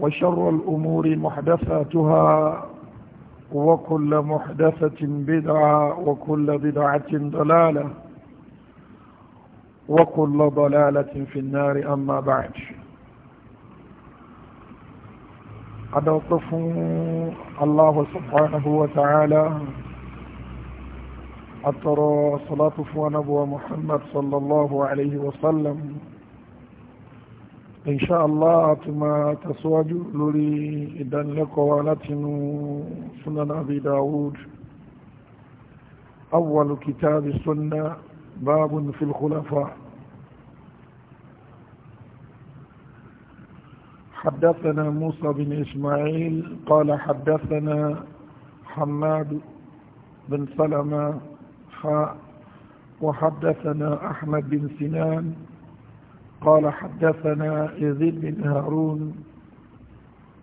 وشر الأمور محدثاتها وكل محدثة بدعة وكل بدعة ضلالة وكل ضلالة في النار أما بعد أدوقف الله سبحانه وتعالى أترى صلاة فوانبوى محمد صلى الله عليه وسلم ان شاء الله اتما تسواجو لوري ادان لكو ولاتنو سنن ابي داود اول كتاب السنة باب في الخلفاء حدثنا موسى بن اسماعيل قال حدثنا حماد بن سلمة خاء وحدثنا احمد بن سنان قال حدثنا يزيد بن هارون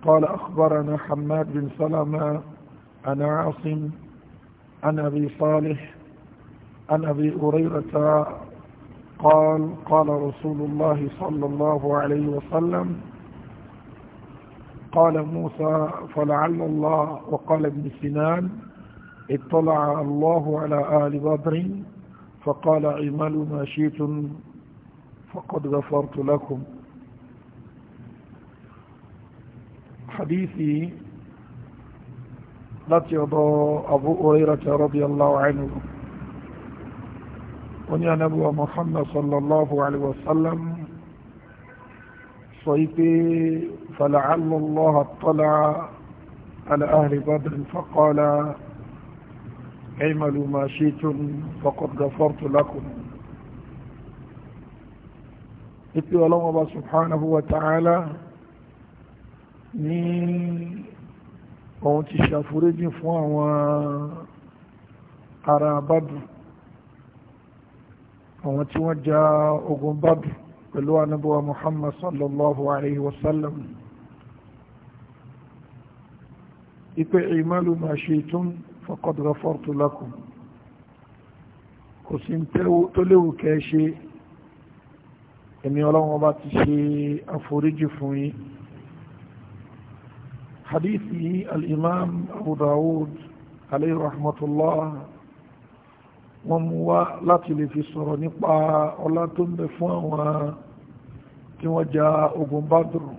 قال أخبرنا حماد بن سلمة عن عاصم عن أبي صالح عن أبي هريرة قال قال رسول الله صلى الله عليه وسلم قال موسى فلعل الله وقال ابن سنان اطلع الله على آل بدر فقال اعملوا ما شئتم فقد غفرت لكم حديثي لا ترضى أبو هريرة رضي الله عنه ونيا نبوة محمد صلى الله عليه وسلم صيبي فلعل الله اطلع على أهل بدر فقال اعملوا ما شئتم فقد غفرت لكم ipe ọlọ́wọ́ bá subhanahu wa ta'ala ní òun ti ṣàforíjì fún àwọn ará bádùn àwọn tí wọ́n ja ogun bádùn pẹ̀lú anábọ́wà muhammad sallallahu alaihi wasallam ipe ìmọ̀lù ma shi'tum faqad ghafartu lakum kò sí tó léwu kẹ́ ṣe èmi ọlọ́run ọba ti ṣe àforíjì fún yín hadithi al-imam abu dawud alayhi rahmatullah wọ́n mú wá láti lè fi sọ̀rọ̀ nípa ọlá tó ń bẹ fún àwọn tí wọ́n ja ogun badru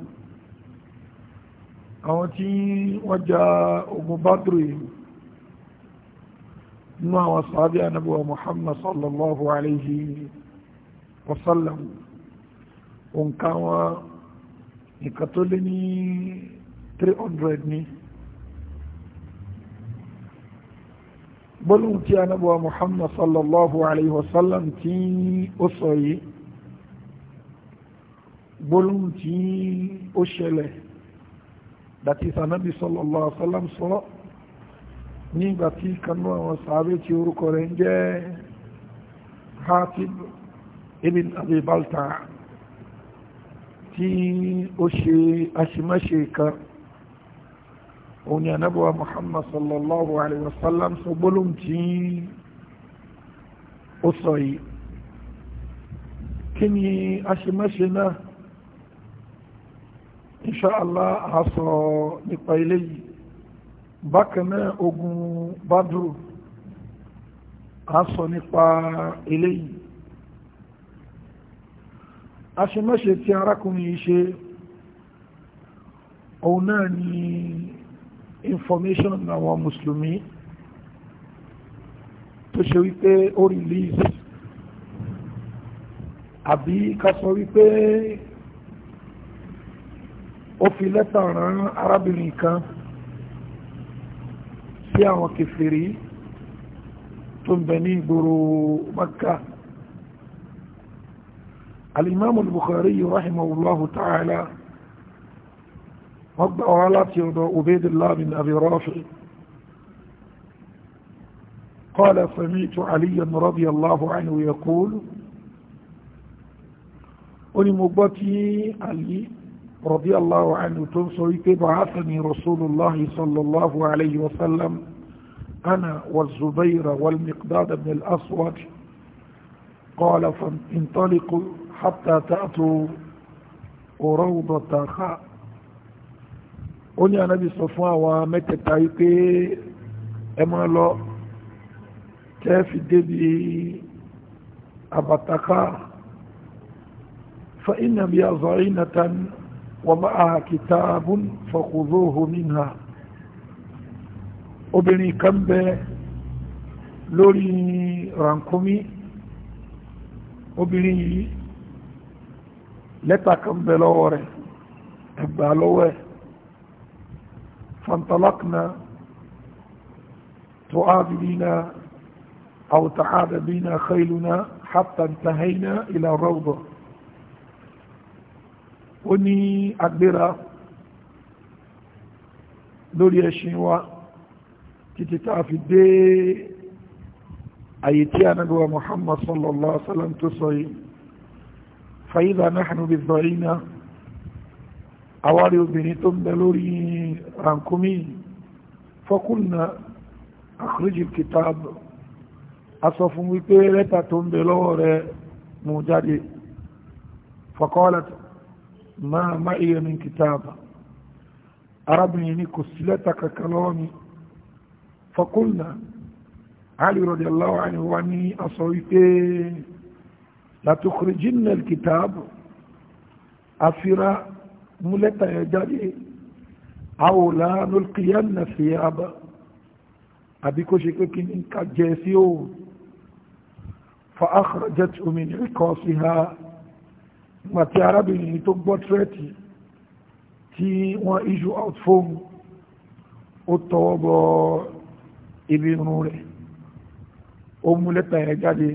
àwọn tí wọ́n ja ogun badru yìí nínú àwọn sàábí anábíwá muhammad sallallahu alayhi wa sallam òǹkà wọn nìkan tó lé ní 300 ní bọ́lùn tí a nábọ̀ Muhammad sallallahu alaihi wasallam tí ó sọ yìí bọ́lùn tí ó ṣẹlẹ̀ dàtí sànábì sallallahu alaihi wasallam sọ nígbà tí kanú àwọn sàábé tí orúkọ rẹ̀ ń jẹ́ Hatib ibn Abi Balta'a tí ó ṣe aṣìmáṣe kan òun ni anábọ̀wà muhammad sallallahu alaihi wasallam sọ gbólóhùn tí ó sọ yìí kí ni aṣìmáṣe náà inṣáàlá a sọ nípa ilé yìí bákanáà ogun badru a nípa ilé yìí aṣemáṣe tí arákùnrin yìí ṣe òun náà ni information àwọn mùsùlùmí tó ṣe wípé ó release àbí ká sọ wípé ó fi lẹ́tà rán arábìnrin kan sí àwọn kèfèrí tó ń bẹ ní ìgboro Mẹ́kà الإمام البخاري رحمه الله تعالى رد على عبيد الله بن أبي رافع قال سمعت عليا رضي الله عنه يقول مبتي علي رضي الله عنه تنصري بعثني رسول الله صلى الله عليه وسلم أنا والزبير والمقداد بن الأسود قال فانطلقوا hatta ta'tu rawdata kha ó ní ànábì sọ fún àwọn mẹ́tẹ̀ẹ̀ta wípé ẹ máa lọ tẹ́ fi débi àbàtàkà fa inna biha za'inatan wa ma'aha kitabun fakhudhuhu minha obìnrin kan bẹ lórí rànkúmí obìnrin yìí lẹ́tà kan bẹ lọ́wọ́ rẹ̀ ẹgbà lọ́wọ́ ẹ̀ fantalakna tó ábìlínà àwòtà ábìlínà khailuna hatta intahayna ila rawda ó ní agbéra lórí ẹṣin wa títí tá fi dé àyè tí a sallallahu alaihi wasallam tó sọ yìí fàyílà náà bí zọ̀rínà àwárí obìnrin tó ń bẹ lórí rankumi fọ́kúnnà àkúrújì kìtàbù a sọ fún wípé lẹ́tà tó ń bẹ lọ́wọ́ rẹ mú jáde fọ́kọ́lá máa má iye min kìtàbù arábìnrin ni kò sí lẹ́tà kankan lọ́wọ́ mi fọ́kúnnà Ali radiyallahu anhu wa ní a wípé látòkòrìjìnnà kìtàbù àfira múlẹ́tà yẹn jáde àwòlá nulkìyànnà fìyàbà àbí kó ṣe pé kí ní ká jẹ sí òun fa akhrajat omi ní kọ́ sí ha nígbà tí arábìnrin tó gbọ́ tírẹ́tì tí wọ́n issue out fóun ó tọwọ́ bọ ibi irun rẹ̀ ó mú lẹ́tà yẹn jáde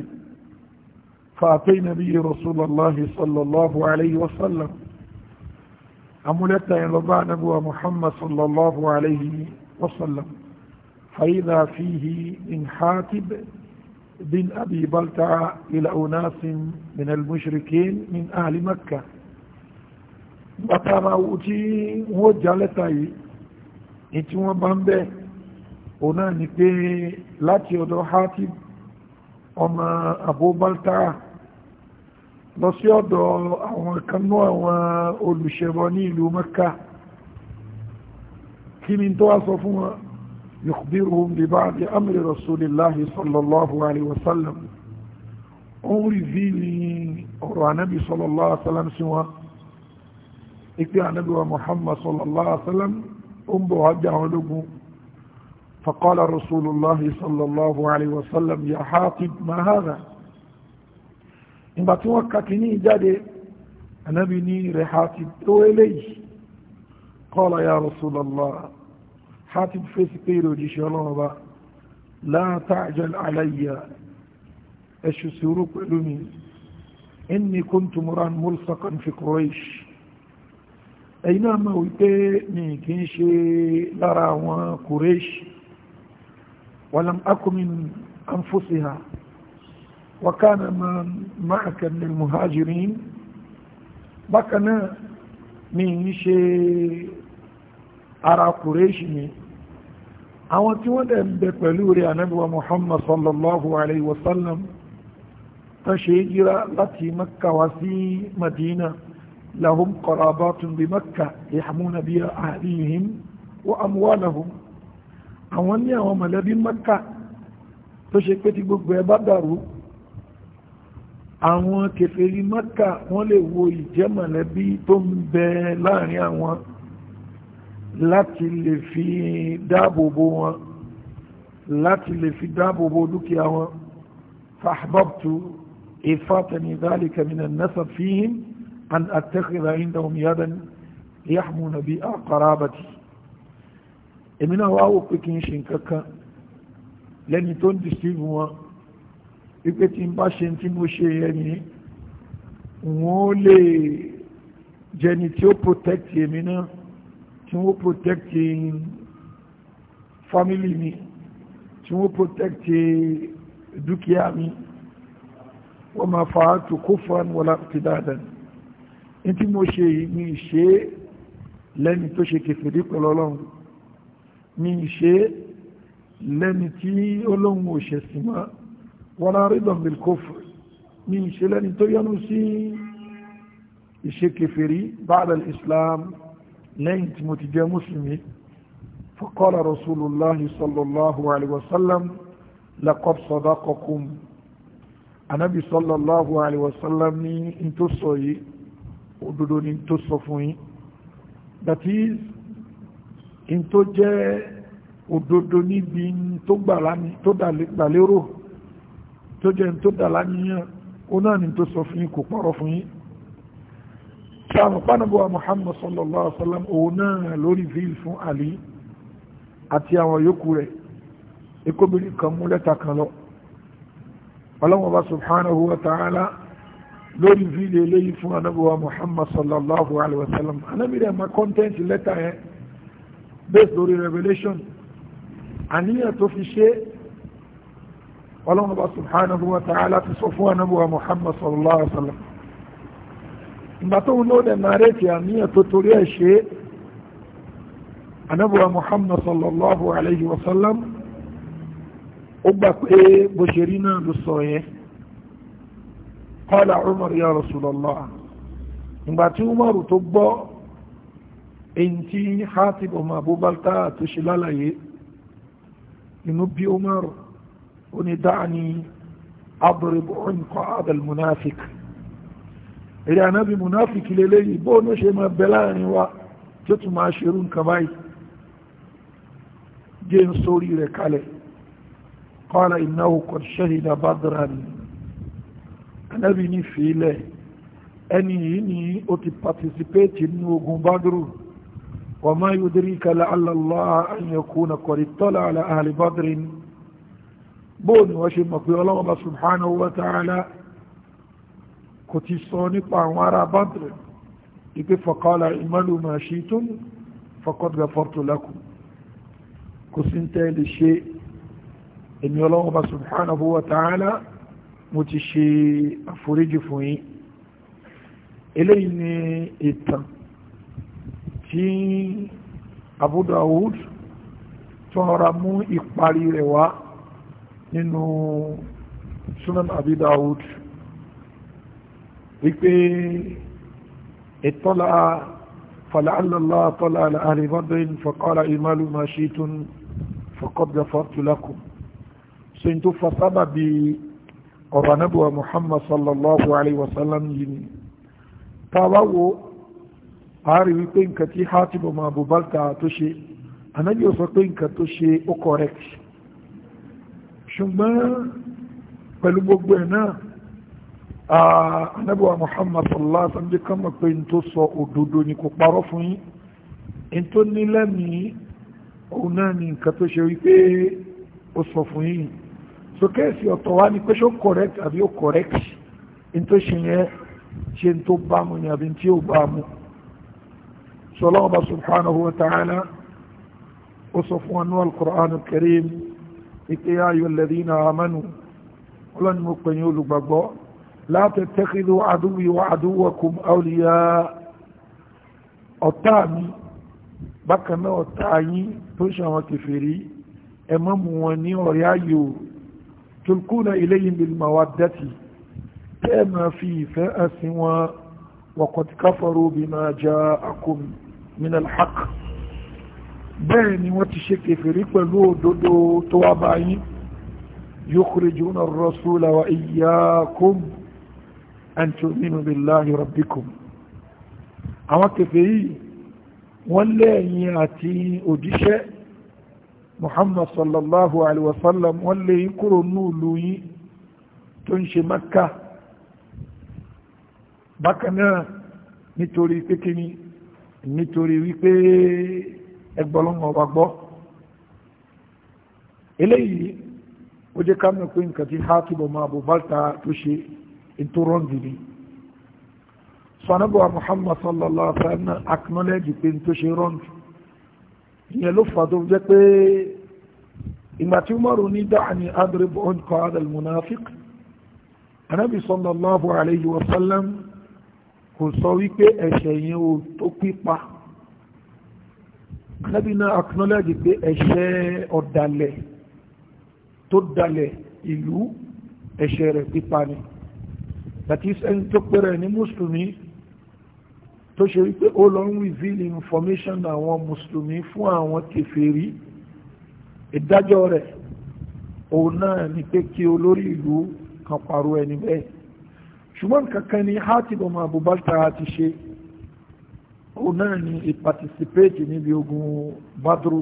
فأتينا به رسول الله صلى الله عليه وسلم أمولتا ينبع نبوة محمد صلى الله عليه وسلم فإذا فيه من حاتب بن أبي بلتع إلى أناس من المشركين من أهل مكة bàtàrà òtí wọ́n jálẹ́ta yìí ní tí wọ́n bá ń ọmọ àbúbaltára lọ sí ọ̀dọ̀ àwọn kanú àwọn olùṣẹbọ ní ìlú mẹ́ka kí ni tó wá sọ fún wọn yùkbírùn bí bá di amri rasulillahi sallallahu alaihi wasallam ó ń rí bí ní ọ̀rọ̀ anábi sallallahu alaihi wasallam sí wọn ipe anábi wa muhammad sallallahu alaihi wasallam ó ń bọ̀ wájú àwọn ológun فقال رسول الله صلى الله عليه وسلم يا حاطب ما هذا نبات وككني جدي أنا بني رحاتب وليش قال يا رسول الله حاتب في سبيل جشلابة لا تعجل علي أشو سيروك إلمي إني كنت مران ملصقا في قريش أينما ويتني كنشي لرا وقريش ولم أكن من أنفسها وكان من معك من المهاجرين بكنا من شيء أرى قريشني أوتي ودن بقلوري أنا محمد صلى الله عليه وسلم تشيجر التي مكة وفي مدينة لهم قرابات بمكة يحمون بها أهليهم وأموالهم àwọn ní àwọn mọ̀lẹ́bí mọ́kà tó ṣe pé tí gbogbo ẹ bá dàrú àwọn kèfèrí mọ́kà wọ́n lè wo ìjẹ́ mọ̀lẹ́bí tó ń bẹ láàrin àwọn láti lè fi dáàbòbò wọn láti lè fi dáàbòbò dúkìá wọn fàbọ́pù ìfàtàní dhalika minan nasab fihim an attakhidha indahum yadan yahmuna bi aqrabati èmi náà wá wò pé kí n ṣe nǹkan kan lẹ́ni tó ń dìstíìmù wọn wípé tí n bá ṣe tí mo ṣe ẹni wọ́n lè jẹni tí ó protect èmi náà tí wọ́n protect family mi tí wọ́n protect dúkìá mi wọ́n máa fa tó kó fún wọlá ti dáadáa ní tí mo ṣe yìí mi ṣe lẹ́ni tó ṣe kèfèrí pẹ̀lú ọlọ́run mi ṣe lẹ́ni tí olóhun òṣèṣì mọ́ wọ́n rídọ̀ bilkofr mi ṣe lẹ́ni tó yọnu sí ìṣekèfèrí ba'da islam lẹ́yìn tí mo ti jẹ́ mùsùlùmí faqala rasulullahi sallallahu alaihi wasallam laqad sadaqakum anabi sallallahu alaihi that is in tó jẹ́ òdodo níbi tó gbàlérò tó jẹ́ in tó dà láníyàn ó náà ni tó sọ fún yín kò pọ̀rọ̀ fún yín sáàmù pánàbọ̀wà Muhammad sallallahu alaihi wasallam òun náà lórí vil fún Ali àti àwọn yòókù rẹ̀ ikóbìnrin kan mú lẹ́ta kan lọ ọlọ́wọ́n bá subhanahu wa ta'ala lórí vil eléyìí fún anábọ̀wà Muhammad sallallahu alaihi wasallam anábìrẹ̀ ma kọ́ntẹ́ntì lẹ́ta yẹn based lórí revelation àníyàn tó fi ṣe ọlọ́mọba subhanahu wa ta'ala ti sọ fún anábúwa muhammad sallallahu alaihi wasallam ìgbà tó ń lóòdẹ̀ nàárẹ̀tì àníyàn tó torí ẹ̀ ṣe anábúwa muhammad sallallahu alaihi wasallam ó gbà pé bó ṣe rí náà ló sọ yẹn qala umar ya rasulallah ìgbà tí umar tó gbọ́ èyí tí Hatib ọmọ abúbalta tó ṣe lálàyé inú bí Umar ó ní dáa ní abúrúbù ọ̀nkọ́ adal munafik èrè anábi munafik lélẹ́yìí bó ní ó ṣe máa bẹ láàrin wa tí ó tún máa ṣerú nǹkan báyìí jẹ́ ń sórí rẹ̀ kalẹ̀ qala innahu qad shahida badran anábi ní fìílẹ̀ ẹni yìí ni ó ti participate nínú ogun badru وما يدريك لعل الله أن يكون قد اطلع على أهل بدر بون وشم في الله سبحانه وتعالى كتسوني وراء بدر إذ فقال اعملوا ما شئتم فقد غفرت لكم كسنت للشيء إن الله سبحانه وتعالى متشي أفرج فيه إليني التنقل tí Abu Dawud tó ọ̀rá mú ìparí rẹ̀ wá nínú Sunan Abi Dawud wípé ìtọ́lá fàlàlọ́lá tọ́lá àlàárí bọ́dún fọ́kọ́lá ìmọ̀lú ma ṣe tún fọ́kọ́dá fọ́tùlákùn so in tó fa sábà bí ọ̀rọ̀ anábíwa Muhammad sallallahu alaihi wasallam yìí ni a rí wípé nǹkan tí hátìbù ma bù bálta tó ṣe anábì ò sọ pé nǹkan tó ṣe ó correct ṣùgbọ́n pẹ̀lú gbogbo ẹ̀ náà anábì muhammad sallallahu alaihi wasallam kan mọ̀ pé n tó sọ òdodo ni kò parọ́ fún yín n tó ní lẹ́mìí òun náà ni nǹkan tó ṣe wípé ó sọ fún yín so kéèsì ọ̀tọ̀ wá ní pé ṣó correct àbí ó correct n tó ṣe yẹn ṣe n tó bá mu ni àbí n tí ó bá mu. سلام الله سبحانه وتعالى وصفوا القرآن الكريم يا أيها الذين آمنوا ولن مقنوا لبقوا لا تتخذوا عدوي وعدوكم أولياء ọ̀táàmì bákaná ọ̀táàyí tó ṣàwọn kèfèrí ẹmọ́ mú wọn ní ọ̀rẹ́ ayò tulkuna ilayhim bil mawaddati tẹ́ẹ̀mà fi ìfẹ́ àsìn min al-haq bẹ́ẹ̀ ni wọ́n ti ṣe kèfèrí pẹ̀lú òdodo tó wá bá yín yukhrijuna ar-rasula wa iyyakum an tu'minu billahi rabbikum àwọn kèfèrí wọ́n lẹ́yìn àti òjíṣẹ́ muhammad sallallahu alaihi wasallam wọ́n lẹ́yìn kúrò núùlù yín tó ń ṣe makka bákanáà nítorí pékíní nítorí wípé ẹgbọ́lọ́wọ́ ọba gbọ́ eléyìí ó jẹ́ ká mọ̀ pé nǹkan tí hátìbọ̀ máa bò bálta tó ṣe ètò rọ́ǹdì ni sanabuwa muhammad sallallahu alaihi wa sallam acknowledge pé n tó ṣe rọ́ǹdì ìyẹn ló fà tó jẹ́ pé ìgbà tí umaru ní dáhàní adrib onqa adal anabi sallallahu alaihi wa sallam kò sọ wípé ẹ̀ṣẹ̀ yẹn ò tó pípa Ànábì náà acknowledge pé ẹ̀ṣẹ̀ ọ̀dàlẹ̀ tó dalẹ̀ ìlú ẹ̀ṣẹ̀ rẹ̀ pípa ni that is ẹni tó pẹ̀rẹ̀ ní mùsùlùmí tó ṣe wípé ó lọ ń reveal information àwọn mùsùlùmí fún àwọn kèfèrí ìdájọ́ rẹ̀ òun náà ni pé kí olórí ìlú kan parọ́ ẹni bẹ́ẹ̀ ṣùgbọ́n kankan ni Hatib ọmọ Abubakar ti ṣe òun náà ni ìpatisipéètì níbi ogun Badru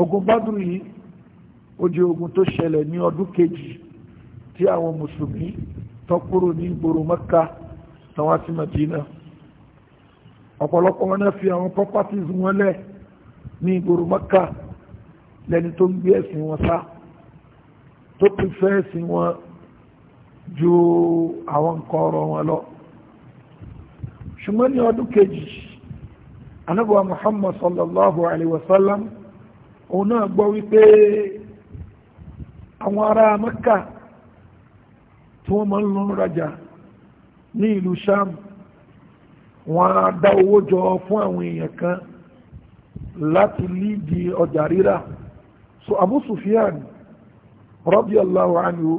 ogun Badru yìí ó jẹ́ ogun tó ṣẹlẹ̀ ní ọdún kejì tí àwọn mùsùlùmí tó kúrò ní ìgboro Mẹ́kà tàwọn àti Madina ọ̀pọ̀lọpọ̀ wọn náà fi àwọn properties wọn lẹ̀ ní ìgboro Mẹ́kà lẹ́ni tó ń gbé ẹ̀sìn wọn sá tó pín fẹ́ ẹ̀sìn wọn ju àwọn nǹkan ọ̀rọ̀ wọn lọ ṣùgbọ́n ní ọdún kejì anábọ̀wà muhammad sallallahu alaihi wasallam òun náà gbọ́ wípé àwọn ará mẹ́kà tí wọ́n máa ń lọ rajà ní ìlú sham wọ́n á dá owó jọ fún àwọn èèyàn kan láti lídi ọjà rírà so abu sufyan radiyallahu anhu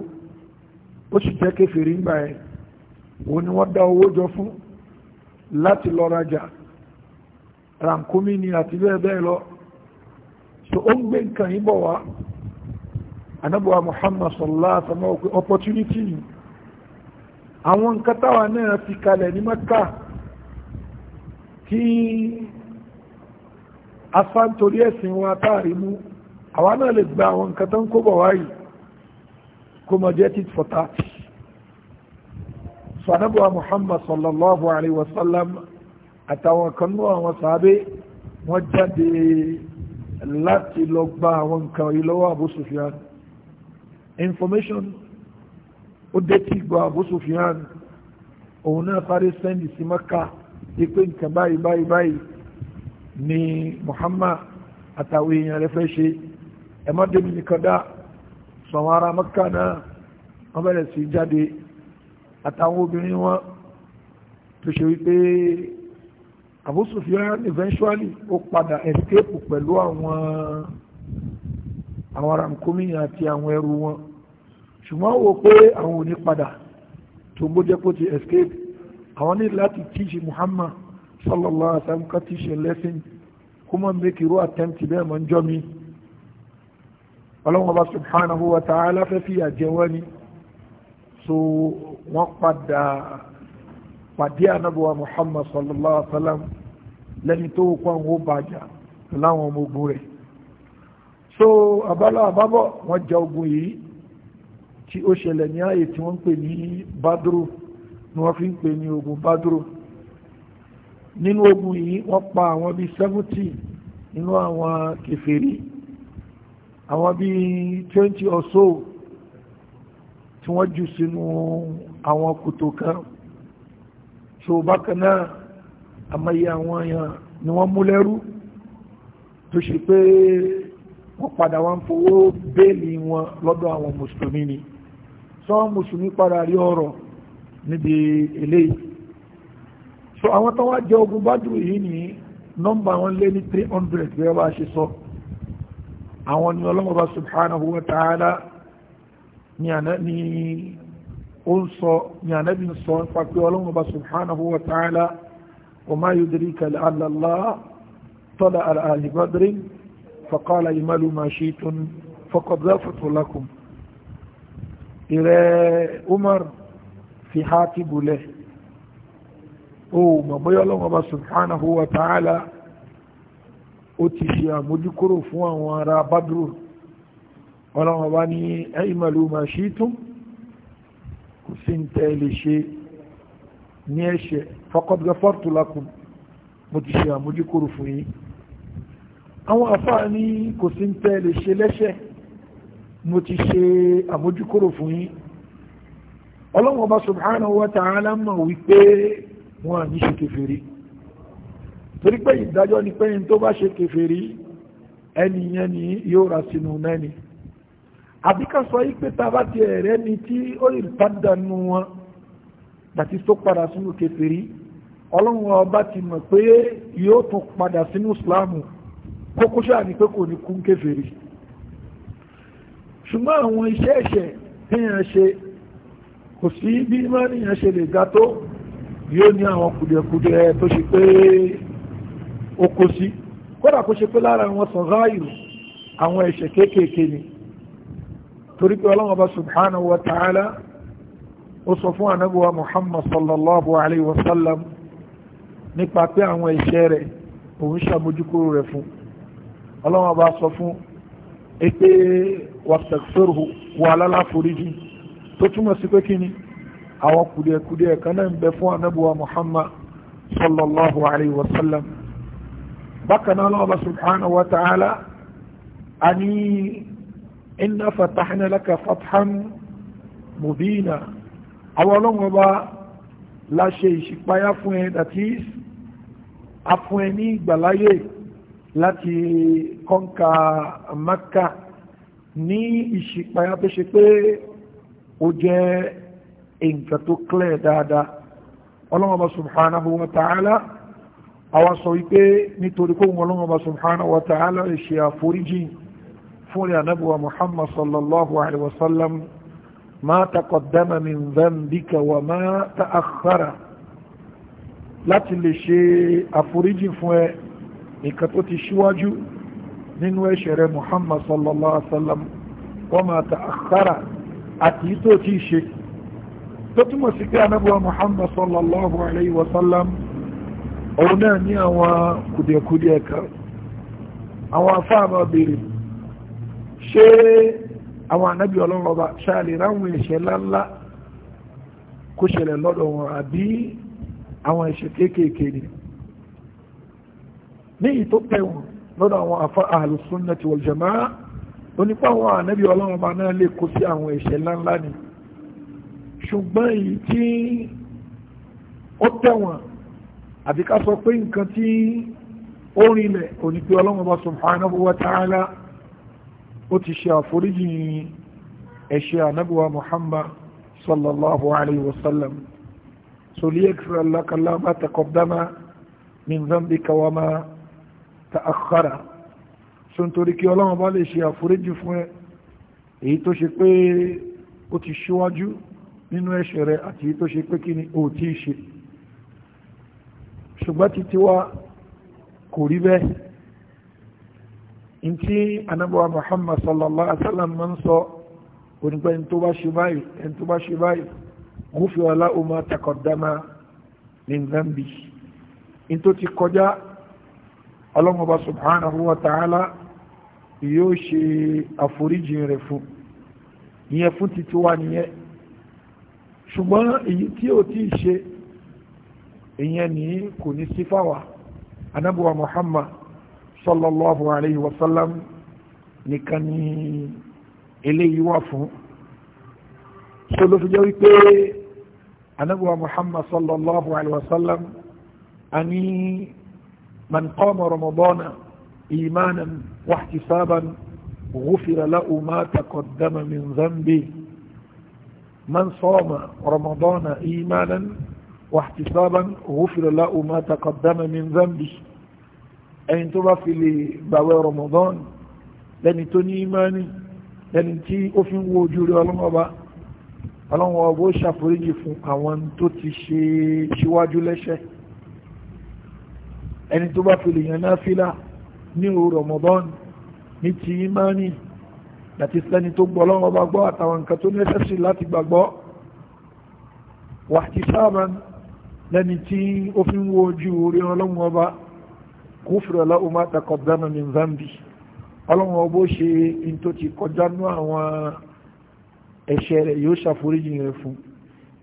ó sì jẹ́ kéfèrè ń gbà ẹ̀ wọ́n ni wọ́n dá owó jọ fún láti lọ rajà rànkúmí ni àti bẹ́ẹ̀ bẹ́ẹ̀ lọ so ó ń gbé nǹkan yìí wá anábọ̀wá Muhammad sallallahu alaihi wasallam pé opportunity ni àwọn nǹkan táwa náà fi kalẹ̀ ní Mẹ́kà kí asántorí ẹ̀sìn wa táàrí mú àwa náà lè gba àwọn nǹkan tó ń kó bọ̀ wáyìí kó mọ jẹ́ tit for tat sanabuwa muhammad sallallahu alaihi wasallam àtàwọn kan nú àwọn sàábé wọ́n jáde láti lọ gba àwọn nǹkan ìlọ́wọ́ Abu Sufyan information ó dé tí gba Abu Sufyan òun náà sáré sẹ́ndì sí maka ipé nǹkan báyìí báyìí báyìí ni muhammad àtàwọn èèyàn rẹ̀ fẹ́ ṣe ẹ̀mọ́dé mi nìkan dáa sọ̀wọ́n ara mọ́kà náà wọ́n bẹ̀rẹ̀ sí jáde àtàwọn obìnrin wọn tó ṣe wípé Abu Sufyan eventually ó padà escape pẹ̀lú àwọn àwọn aramkomi àti àwọn ẹrù wọn ṣùgbọ́n wo pé àwọn ò ní padà tó ń jẹ́ kó ti escape àwọn ní láti tíṣe Muhammad sallallahu alaihi wa sallam ká tíṣe lesson kó mọ̀ mẹ́kì irú attempt bẹ́ẹ̀ mọ́ ń jọ́ mi ọlọ́run ọba subhanahu wa ta'ala fẹ́ fi àjẹ wọ́n ni so wọ́n padà pàdé anábọ̀wá muhammad sallallahu alaihi wa sallam lẹ́ni tó kọ́ àwọn ó bàjá láwọn ọmọ ogun rẹ̀ so abala àbábọ̀ wọ́n ja ogun yìí tí ó ṣẹlẹ̀ ní ààyè tí wọ́n pè ní badru ni wọ́n fi ń pè ní ogun badru nínú ogun yìí wọ́n pa àwọn bíi 70 nínú àwọn kèfèrí àwọn bí 20 or so tí wọ́n jù sínú àwọn kòtò kan so bákan náà àmàyẹ àwọn èèyàn ni wọ́n mú lẹ́rú tó ṣe pé wọ́n padà wọ́n fowó bẹ́ẹ̀lì wọn lọ́dọ̀ àwọn mùsùlùmí ni so àwọn mùsùlùmí padà rí ọ̀rọ̀ níbi eléyìí so àwọn tó wá jẹ ogun bádùrù yìí ní nọ́mbà wọn lé ní 300 gẹ́gẹ́ bá ṣe sọ so. àwọn ni ọlọ́mọba subhanahu wa ta'ala ni ó ń sọ ni ànábì ń sọ nípa pé bá subhanahu wa ta'ala o ma yudrika la'alla Allah طلع على أهل بدر فقال إملوا ما شئتم فقد غفرت لكم إلى عمر في حاتب له أو ما بيلوم الله سبحانه وتعالى ó ti ṣe àmójúkúrò fún àwọn ará bádúrò ọlọ́wọ́n bá ní ẹ̀yìnmọ̀lú ma ṣí tún kò sí ń tẹ́ lè ṣe ní ẹ̀ṣẹ̀ faqad ghafartu lakum mo ti ṣe àmójúkúrò fún yín àwọn àfáà ní kò sí ń tẹ́ lè ṣe lẹ́ṣẹ̀ mo ti ṣe àmójúkúrò fún yín ọlọ́wọ́n bá subhanahu wa ta'ala wípé wọ́n à ní ṣe kèfèrí torí pé ìdájọ́ ni pé tó bá ṣe kèfèrí ẹniyàn ni yóò ra sínú nẹ́ni àbíká sọ yí pé ta bá ti ẹ̀rẹ́ ni tí ó lè tàdánù wọn dàtí tó padà sínú kèfèrí ọlọ́run ọba ti mọ̀ pé yóò tún padà sínú ìsìláàmù kókó ṣáà ni pé kò ní kún kèfèrí ṣùgbọ́n àwọn iṣẹ́ ẹ̀ṣẹ̀ téèyàn ṣe kò sí bí mọ́nìyàn ṣe lè ga tó yóò ní àwọn kùdìẹ̀kùdìẹ̀ tó ṣe pé ó kó sí kódà kó ṣe pé lára wọn sọ ráàyò àwọn ẹ̀ṣẹ̀ kéékèèké ni torí pé ọlọ́wọ́n bá subhanahu wa ta'ala ó sọ fún anábíwá muhammad sallallahu alayhi wa sallam nípa pé àwọn ẹ̀ṣẹ̀ rẹ̀ òun ṣàmójúkúrò rẹ̀ fún ọlọ́wọ́n bá sọ fún ètè e wàtàkìsọ́rò wà lálàforíjì tó túmọ̀ sí pé kí àwọn kùdìẹ̀kùdìẹ̀ kan náà ń bẹ fún anábíwá muhammad sallallahu alayhi wa bákan náà Allah subhanahu wa ta'ala a ní inna fatahna laka fathan mubina àwọn ọlọ́wọ́n bá láṣẹ ìṣípayá fún ẹ that is a fún ẹ ní ìgbàláyè láti kọ́ńkà Makka ní ìṣípayá tó ṣe pé ó jẹ́ nǹkan tó clear dáadáa ọlọ́wọ́n bá subhanahu wa ta'ala àwọn sọ wípé nítorí kó Ọlọ́hun Ọba subhanahu wa ta'ala lè ṣe àforíjì fún rẹ̀ anábíwa muhammad sallallahu alaihi wasallam ma taqaddama min dhanbika wa ma ta'akhkhara láti lè ṣe àforíjì fún ẹ nǹkan tó ti ṣíwájú nínú ẹ̀ṣẹ̀ rẹ̀ muhammad sallallahu alaihi wasallam wa ma ta'akhkhara àti tó ti ṣe òun náà ní àwọn kùdìẹ̀kùdìẹ̀ kan àwọn afáàmà béèrè ṣé àwọn ànábì ọlọ́run ọba ṣáàlì ráwọn ẹ̀ṣẹ̀ ńláńlá kó ṣẹlẹ̀ lọ́dọ̀ wọn àbí àwọn ẹ̀ṣẹ̀ kéékèèké ni ní ìtò pẹ̀wọ̀n lọ́dọ̀ àwọn afá àlùsúnnàtì wal jamaa onípa àwọn ànábì ọlọ́run ọba náà lè kó sí àwọn ẹ̀ṣẹ̀ ńláńlá ni ṣùgbọ́n èyí tí ó tẹ̀wọ̀n àti ká sọ pé nǹkan tí ó rinlẹ̀ òní pé ọlọ́run bá subhanahu wa ta'ala ó ti ṣe àforíjì ẹ̀ṣẹ̀ ànábùwà muhammad sallallahu alayhi wa sallam so liyaghfir laka ma taqaddama min dhanbika wa ma ta'akhkhara so nítorí kí ọlọ́run bá lè ṣe àforíjì fún ẹ èyí tó ṣe pé ó ti ṣíwájú nínú ẹ̀ṣẹ̀ rẹ àti èyí tó ṣe pé kí ni ó ti ṣe ṣùgbọ́n títí wa kò rí bẹ́ẹ̀ ntí anábọ̀wá Muhammad sallallahu alaihi wa sallam máa ń sọ onígbà ẹni tó bá ṣe báyìí ẹni tó bá ṣe báyìí gúfẹ́ ọlá ó máa takọ̀dámá ní zambi in tó ti kọjá ọlọ́mọba subhanahu wa ta'ala yóò ṣe àforíjì rẹ̀ fún ìyẹn fún títí wá nìyẹn ṣùgbọ́n èyí tí ó ti ṣe ìyẹn ní kò ní sí fáwa anábùwà muhammad sallallahu alayhi wa sallam nìkan ní eléyìí wà fún so ló fi jẹ́ wípé anábùwà muhammad sallallahu alayhi wa sallam a ní man ramadana imanan wa ihtisaban غفر له ما تقدم من ذنبه من صام رمضان إيمانا واحتسابا غفر له ما تقدم من ذنبه ẹni tó bá fi lè gbàwẹ̀ Ramadan lẹ́ni tó ní ìmáni lẹ́ni tí ó fi ń wo ojú rẹ̀ ọlọ́mọba ọlọ́wọ́ bó ṣàforíjì fún àwọn tó ti ṣe síwájú lẹ́ṣẹ̀ ẹni tó bá fi lè yàn náfílà ní òru Ramadan ní ti ìmáni láti sẹ́ni tó gbọ́ ọlọ́mọba gbọ́ àtàwọn nǹkan tó ní ẹsẹ̀ sí láti gbàgbọ́ wàhtisaban lẹ́ni tí ó fi ń wo ojú orí ọlọ́run ọba kufra lahu ma taqaddama min zambi ọlọ́run ọba ó ṣe in tó ti kọjá ní àwọn ẹ̀ṣẹ̀ rẹ̀ yóò ṣàforíjì rẹ̀ fún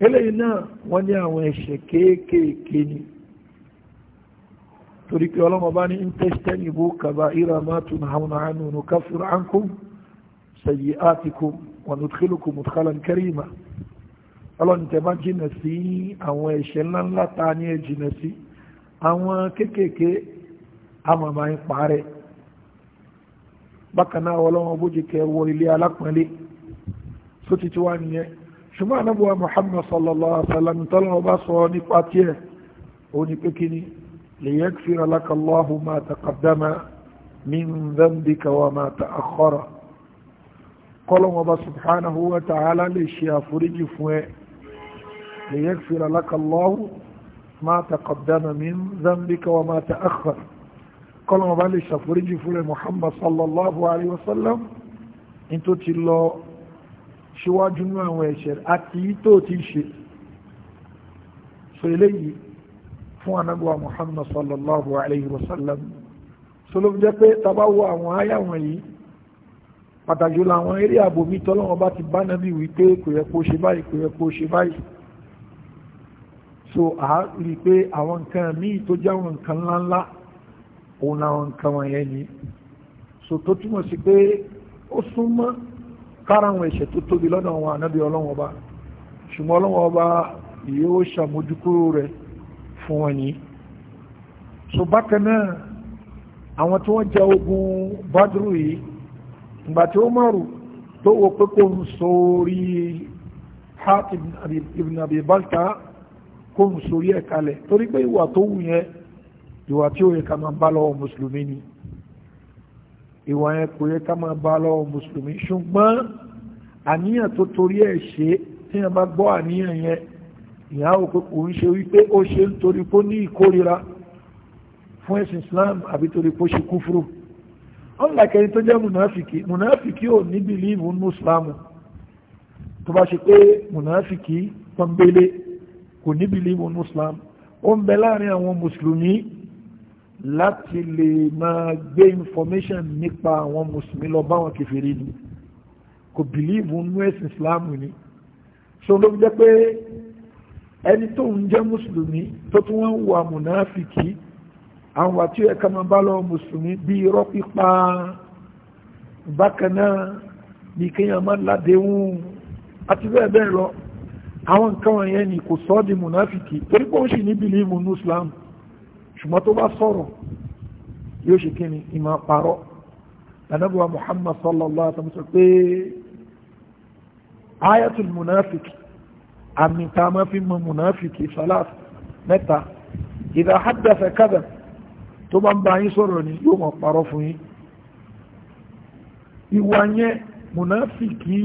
eléyìí náà wọ́n ní àwọn ẹ̀ṣẹ̀ kéékèèké ni torí pé ọlọ́run ọba ní intastanibu kaba'ira ma tunhawna anhu nukaffir ankum sayyi'atikum wa nudkhilukum mudkhalan karima ọlọ́run tẹ́ bá jìnà sí àwọn ẹ̀ṣẹ̀ ńláńlá ta ní ẹ jìnà sí àwọn kéékèèké amọ̀mọ̀ ń parẹ́ bákan náà ọlọ́run bójú kẹ wọ ilé alápọ̀nlé tó ti ti wá nìyẹn ṣùgbọ́n anábọ̀wá Muhammad sallallahu alaihi wa sallam tọ́lọ́wọ́ bá sọ nípa tiẹ̀ ó ní pé kíni liyagfir laka Allahu ma taqaddama min dhanbika wa ma ta'akhkhara kọ́lọ́wọ́ bá subhanahu wa ta'ala lè ṣe àforíjì fún ẹ ليغفر لك الله ما تقدم من ذنبك وما تأخر قال ما بالي شفرج فول محمد صلى الله عليه وسلم انتو تلو شوا جنوا ويشر اتيتو تيشي فإليه فوانا نبوى محمد صلى الله عليه وسلم سلوم جبه تباوى وآيا وعي pàtàkì jùlọ eré àbòmí tọ́lọ́wọ́n bá ti bá nábì wípé kò yẹ kó ṣe báyìí kò yẹ kó ṣe báyìí so a rí pé àwọn nǹkan míì tó jẹ́ nǹkan ńláńlá òun àwọn nǹkan wọ̀nyẹn ni so tó túmọ̀ sí pé ó súnmọ́ kára ẹ̀ṣẹ̀ tó tóbi lọ́dọ̀ àwọn ànábì ọlọ́wọ́n ọba ṣùgbọ́n ọlọ́wọ́n ọba yóò ṣàmójúkúrò rẹ̀ fún wọn yìí so bákan náà àwọn tí wọ́n jẹ́ ogun bádùrú yìí ìgbà tí ó tó pé kò ń kó ń sorí ẹ̀ kalẹ̀ torí pé ìwà tó wù yẹn ìwà tí ó yẹ ká máa bá lọ́wọ́ mùsùlùmí ni ìwà yẹn kò yẹ ká máa bá lọ́wọ́ mùsùlùmí ṣùgbọ́n àníyàn tó torí ẹ̀ ṣe tí wọ́n bá gbọ́ àníyàn yẹn ìyá kò ń ṣe wípé ó ṣe ń torí kó ní ìkórira fún ẹ̀sìn Islam àbí torí kó ṣe kúfúrú unlike ẹni tó jẹ́ mùnàfìkì mùnàfìkì ò ní bìlíìfù nínú Islam tó bá ṣe pé mùnàfìkì pọ́nbélé kò ní bìlíìmù ní islam ó ń bẹ láàrin àwọn mùsùlùmí láti lè máa gbé information nípa àwọn mùsùlùmí lọ báwọn kèfèrí ni kò bìlíìmù ní ẹ̀sìn islam ni so ló jẹ́ pé ẹni tó ń jẹ́ mùsùlùmí tó tún wọ́n ń wà mùnáfìkì àwọn àti ẹ̀ka máa bá lọ mùsùlùmí bí irọ́ pípa bákan náà ní kéèyàn máa ládéhùn àti bẹ́ẹ̀ bẹ́ẹ̀ lọ àwọn nǹkan wọ̀nyẹn ni kò sọ́ di munafiki torí pé ó sì ní bìlíìmù ní islam ṣùgbọ́n tó bá sọ̀rọ̀ yóò ṣe kí ni ìmọ̀ parọ́ lànàbíwá muhammad sallallahu alaihi wasallam sọ pé ayatul munafiki àmì tá a máa fi mọ munafiki salat mẹ́ta ìdá haddasa kada tó bá ń bá yín sọ̀rọ̀ ni yóò mọ̀ parọ́ fún yín ìwà yẹn munafiki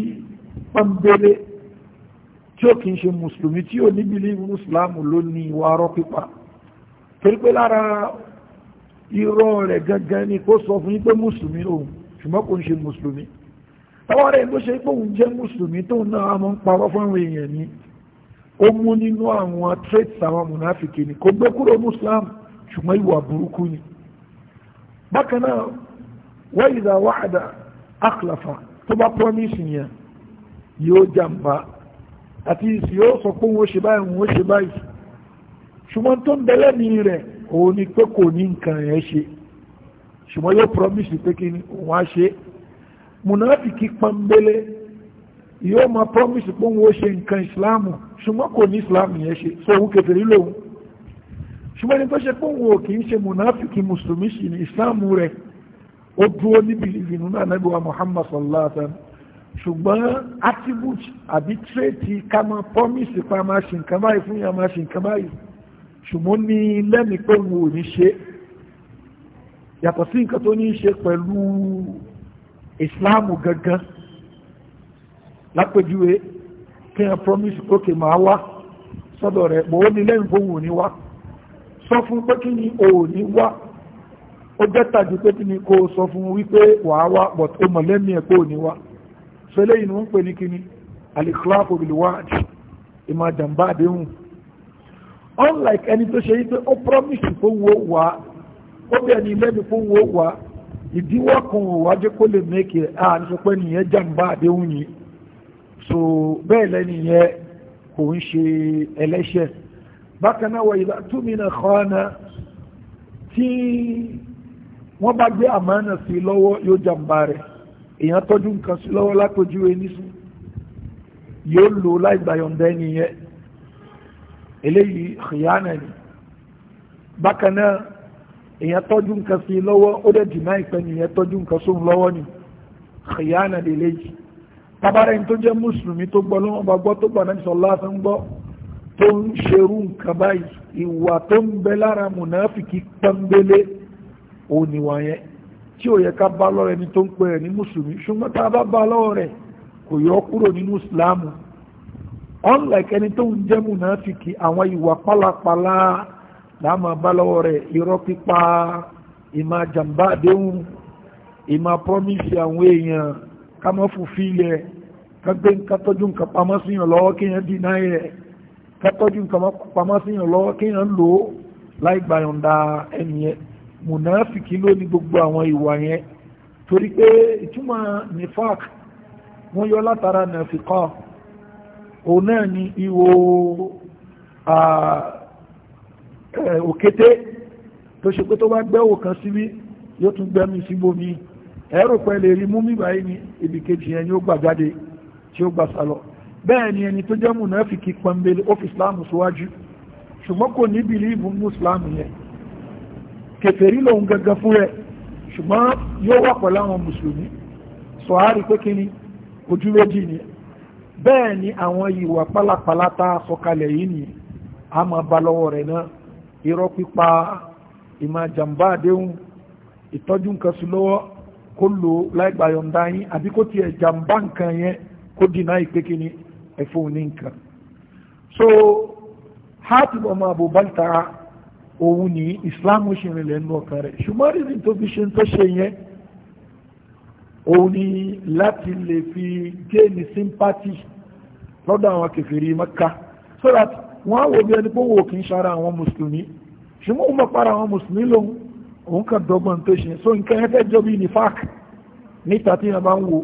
pọ́nbélé tí ó kìí ṣe mùsùlùmí tí ó níbílí mùsùlámù ló ní ìwà arọ́ pípa torí lára irọ́ rẹ̀ gangan ni kó sọ fún yín pé mùsùlùmí òun ṣùgbọ́n kò ń ṣe mùsùlùmí táwọn rẹ̀ ló ṣe pé òun jẹ́ mùsùlùmí tóun náà a máa ń parọ́ fún èèyàn ní ó mú nínú àwọn traits àwọn mùnáfìkì ni kò gbé kúrò mùsùlùmí ṣùgbọ́n ìwà burúkú ni bákan náà wa idha wa'ada akhlafa tó bá promise yẹn yóò jàǹbá àti ìsì ó sọ pé wọ́n ṣe báyìí wọ́n ṣe báyìí ṣùgbọ́n tó ń bẹ́lẹ̀ ní rẹ̀ òun ni pé kò ní nǹkan yẹn ṣe ṣùgbọ́n yóò promise pé kí ni òun á ṣe munafiki pọ́nbélé yóò máa promise pé òun ó ṣe nǹkan ìsìláàmù ṣùgbọ́n kò ní ìsìláàmù yẹn ṣe so òun kèfèrí lòun ṣùgbọ́n ní tó ṣe pé òun ò kì í ṣe munafiki mùsùlùmí sí ìsìláàmù rẹ̀ ó dúró níbi ìrìnnú náà nábì Muhammad sallallahu alaihi wa sallam ṣùgbọ́n attribute àbí tírètì ká máa promise pa máa ṣe nǹkan báyìí fún yàn máa ṣe nǹkan báyìí ṣùgbọ́n ní lẹ́mìí pé wo ò ní ṣe yàtọ̀ sí nǹkan tó ní ṣe pẹ̀lú ìsìláàmù gangan lápèjúwe kí wọ́n promise ókè máa wá sọ́dọ̀ rẹ̀ bọ̀ ó ní lẹ́yìn fóun ò ní wá sọ fún pé kí ni ò ní wá ó jẹ́ tàjú pé kí ni kó sọ fún wípé wàá wá but ó mọ̀ lẹ́mìí ẹ̀ pé ò ní wá so eléyìí ni wọ́n ń pè ní kíní al-ikhlaq ìmọ̀ àjàmbá àdéhùn unlike ẹni tó ṣe wípé ó promise fún wo wà ó bẹ̀ ní lẹ́bi fún wo wà ìdíwọ́ kan ò wá jẹ́ kó lè mẹ́kẹ̀ à ní sọ pé nìyẹn jàmbá àdéhùn yìí so bẹ́ẹ̀ lẹ́ni yẹn kò ń ṣe ẹlẹ́ṣẹ̀ bákan náà wa idha tumina khana tí wọ́n bá gbé àmánà sí lọ́wọ́ yóò jàmbá rẹ̀ èèyàn tọ́jú nǹkan sí lọ́wọ́ lápòjú enísí yóò lò láìgbàyọ̀ǹdẹ́ nìyẹn eléyìí khiyana ni bákan náà èèyàn tọ́jú nǹkan sí lọ́wọ́ ó dẹ̀ dìmá ìpẹ́ nìyẹn tọ́jú nǹkan sóhun lọ́wọ́ ni khiyana ni eléyìí tabara ẹni tó jẹ́ mùsùlùmí tó gbọ́ lọ́wọ́ bá gbọ́ tó gbọ́ náà sọ láàfin gbọ́ tó ń ṣerú nǹkan báyìí ìwà tó ń bẹ lára mùnáfìkì pọ́nbélé òníwà yẹn tí ó yẹ ká bá lọ́rọ̀ ẹni tó ń pè ní mùsùlùmí ṣùgbọ́n tá a bá bá lọ́wọ́ rẹ̀ kò yọ kúrò nínú ìsìláàmù unlike ẹni tó ń jẹ́ mùnáfìkì àwọn ìwà pálapàla láàmà bá lọ́wọ́ rẹ̀ irọ́ pípa ìmà jàǹbá àdéhùn ìmà promise àwọn èèyàn ká má fòfilẹ̀ ká gbé nǹkan tọ́jú nǹkan pamọ́ síyàn lọ́wọ́ kéèyàn dínà yẹ ká tọ́jú nǹkan pamọ́ síyàn lọ́wọ́ kéèyàn lò ó láì gbàyànda ẹnìyẹn mùnáfìkì ló ní gbogbo àwọn ìwà yẹn torí pé ìtumọ̀ nifak wọ́n yọ látara nàfikọ́ òun náà ni ìwò òkété tó ṣe pé tó bá gbẹ́wò kan síbí yóò tún gbẹ́mí síbòmí ẹ̀rọ pẹ̀lẹ̀ rí mú mìíràn ní ibi kejì ẹni ó gbà jáde tí ó gbà sálọ bẹ́ẹ̀ ni ẹni tó jẹ́ mùnáfìkì pọ̀nbẹ̀lẹ̀ ó fi islam síwájú ṣùgbọ́n kò ní bìlíìbù mú yẹn kèfèrí lòun gẹ́gẹ́ fún rẹ̀ ṣùgbọ́n yóò wà pẹ̀lú àwọn mùsùlùmí sọ̀hárì pé kí ni ojú méjì ni bẹ́ẹ̀ ni àwọn ìwà pálapàla tá a sọ̀kalẹ̀ yìí ni a máa ba lọ́wọ́ rẹ̀ náà irọ́ pípa ìmọ̀ jàǹbá àdéhùn ìtọ́jú nǹkan sí lọ́wọ́ kó lò láìgbàyọ̀ǹda yín àbí kó tiẹ̀ jàǹbá nǹkan yẹn kó dínà ìpé kí ni ẹ̀fọ́ ní nǹkan so hátìbọ̀mọ̀ àbúbá ìtara òun ní ìsìláàmù ṣe rìnlẹ̀ nínú ọkàn rẹ̀ ṣùgbọ́n rírì tó fi ṣe ń tó ṣe yẹn òun ní láti lè fi géènì sympathy lọ́dọ̀ àwọn kèfèrí Mẹ́kà so that wọ́n á wò bí ẹni pé wò kì í ṣara àwọn mùsùlùmí ṣùgbọ́n òun mọ̀ àwọn mùsùlùmí lòun òun kàn dọ́gbọ́n tó ṣe so nǹkan ẹ̀fẹ́ jọ bí ní fák níta tí wọ́n bá ń wo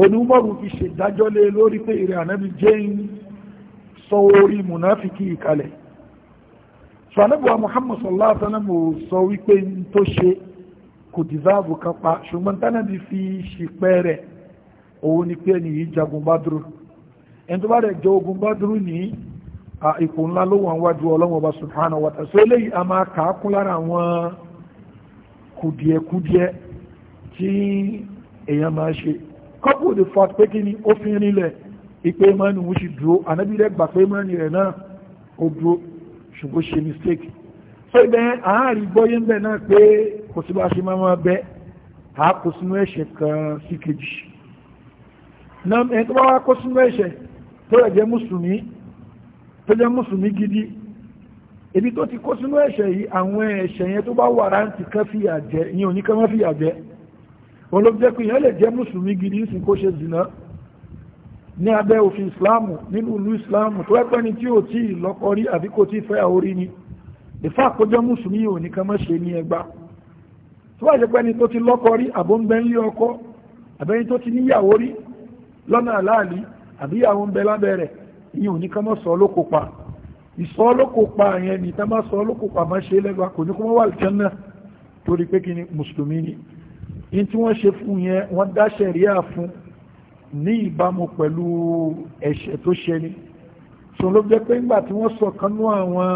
onímọ̀rù fi ṣèdájọ́ lé lórí pé ìrìn ànábi jẹ́ ń sọ orí mùnáfíkì ìkalẹ̀ sọ̀nẹ́bùwà muhammad sallallahu alaihi wasallam sọ wípé tó ṣe kò dìsáàbù kan pa ṣùgbọ́n tánàbí fi ṣìpẹ́ rẹ̀ òun ni pé ẹni yìí jagun bádúrú ẹni tó bá rẹ̀ jẹ ogun bádúrú ní ipò ńlá ló wà wájú ọlọ́wọ́ ọba subhanahu wa ta'ala so eléyìí a máa kà á kún lára àwọn kùdìẹ̀kùdìẹ̀ tí èèyàn máa ṣe kọ́pù the fact pé kí ni ó fi rinlẹ̀ ìpè mọ́ni òun sì dúró ànábìrẹ́ gbà pé mọ́ni rẹ̀ náà ó dúró ṣùgbọ́n ṣe mistake so ibẹ̀ àárín gbọ́yé ń bẹ̀ náà pé kò sí bá ṣe máa máa bẹ́ a kò sínú ẹ̀ṣẹ̀ kan sí kejì náà ẹni tó bá wá kó sínú ẹ̀ṣẹ̀ tó rẹ̀ jẹ́ mùsùlùmí tó jẹ́ mùsùlùmí gidi ebi tó ti kó sínú ẹ̀ṣẹ̀ yìí àwọn ẹ̀ṣẹ̀ yẹn tó bá wà ráǹtì kan fìyà jẹ ìyẹn ò ní kan má fìyà jẹ olóògbé pé èèyàn lè jẹ́ mùsùlùmí gidi ń sìn kó ṣe zìnà ní abẹ́ òfin islamu nínú ìlú islamu tó ẹgbẹ́ ni tí ò tí lọ́kọ rí àbí kò tí fẹ́ orí ni ìfà àkójọ mùsùlùmí ò ní kan mọ́ ṣe ní ẹgbá tó wà jẹ́ pẹ́ni tó ti lọ́kọ rí àbó ń bẹ ń lé ọkọ àbẹ́ni tó ti níyàwó rí lọ́nà aláàlí àbí ìyàwó ń bẹ lábẹ́ rẹ̀ ò ní kan mọ́ sọ olókópa ìsọ olókópa yẹn ní tá má sọ olókópa má ṣe lẹ́gbàá kò ní kó mọ́ wà lùtẹ́nà torí pé kí ni mùsùlùmí ni in tí wọ́n ṣe fún yẹn wọ́n dá ṣẹ̀ríà fún ní ìbámu pẹ̀lú ẹ̀ṣẹ̀ tó ṣe ni ṣùn ló jẹ́ pé ńgbà tí wọ́n sọ kanú àwọn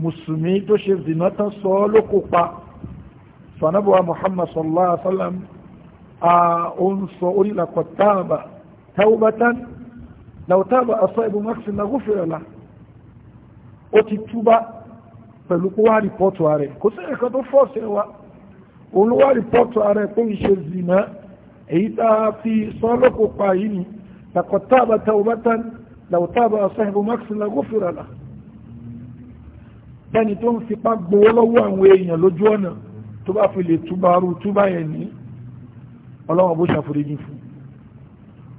mùsùlùmí tó ṣe zìnà tán sọ lókò pa sanabuwa muhammad sallallahu alaihi wasallam a òun sọ orílẹ̀-èdè táàbà taubatan lautaba asaibu maxim na gúfèrè ó ti túbá pẹ̀lú kó wá rìpọ́tù ààrẹ kò sí ẹ̀kan tó fọ́ọ̀sẹ̀ wa olúwa rìpọ́tù ààrẹ pé ìṣe zìnà èyí tá a fi sọ́lọ́pọ̀ pa yìí ni laqad taba tawbatan law taba sahibu maxin la ghufira la tẹ́ni tó ń fipá gbowó lọ́wọ́ àwọn èèyàn lójú ọ̀nà tó bá fi lè túbà arú túbà yẹn ní ọlọ́wọ́n bó ṣàforíjì fún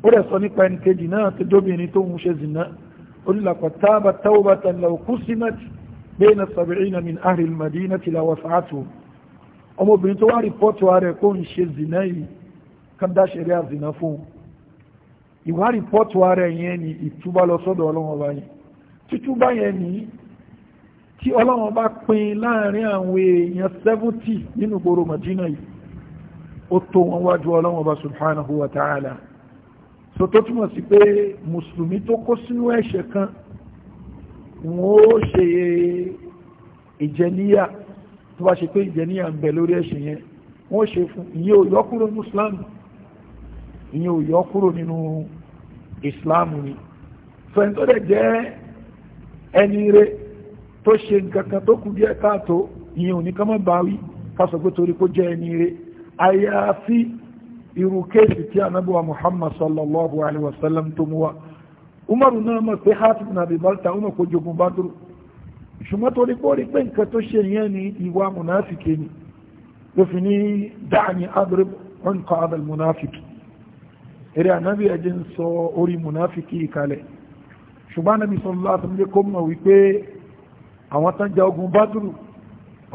ó rẹ̀ sọ nípa ẹni kejì náà tó dóbìnrin tó ń ṣe zìnà ó ní laqad taba tawbatan law qusimat bayna sab'ina min ahli al-madinati la wasa'atuhum ọmọbìnrin tó wá rìpọ́tù ara ẹ̀ kó ń ṣe zìnà yìí kan dá ṣeré àzìnà fún ìwà rìpọ́tù ara yẹn ni ìtúbá lọ sọ́dọ̀ ọlọ́wọ́n bá yẹn títúbá yẹn ni tí ọlọ́wọ́n bá pín láàrin àwọn èèyàn 70 nínú gbòòrò Madina yìí ó tó wọn wájú ọlọ́wọ́n bá subhanahu wa ta'ala so tó túmọ̀ sí pé mùsùlùmí tó kó sínú ẹ̀ṣẹ̀ kan wọ́n ó ṣe ìjẹníyà tó bá ṣe pé ìjẹníyà ń bẹ lórí ẹ̀ṣẹ̀ yẹn wọ́n ṣe fún ìyẹ́ òyọ́kúrò mùsùlùmí ìyẹn ò yọ kúrò nínú islam ni fẹ́ntó dẹ̀ jẹ́ ẹni rẹ̀ tó ṣe nǹkankan tó kù díẹ̀ káàtó ìyẹn ò ní kọ́mọ́ bá wí kásọ̀gbó torí kó jẹ́ ẹni rẹ̀ àyàfi irú kéèsì tí anábíwa muhammad sallallahu alaihi wasallam tó mú wa umaru náà mọ̀ pé hatim na bibalta umar kó jogun bá dúró ṣùgbọ́n torí kó rí pé nǹkan tó ṣe yẹn ni ìwà munafike ni lófin ní dáàni adrib unqa abal munafiki eré ànábì ẹjẹ́ ń sọ orí munafiki ìkalẹ̀ ṣùgbọ́n ànábì sọ láti mú kó mọ̀ wípé àwọn tán ja ogun bádùrù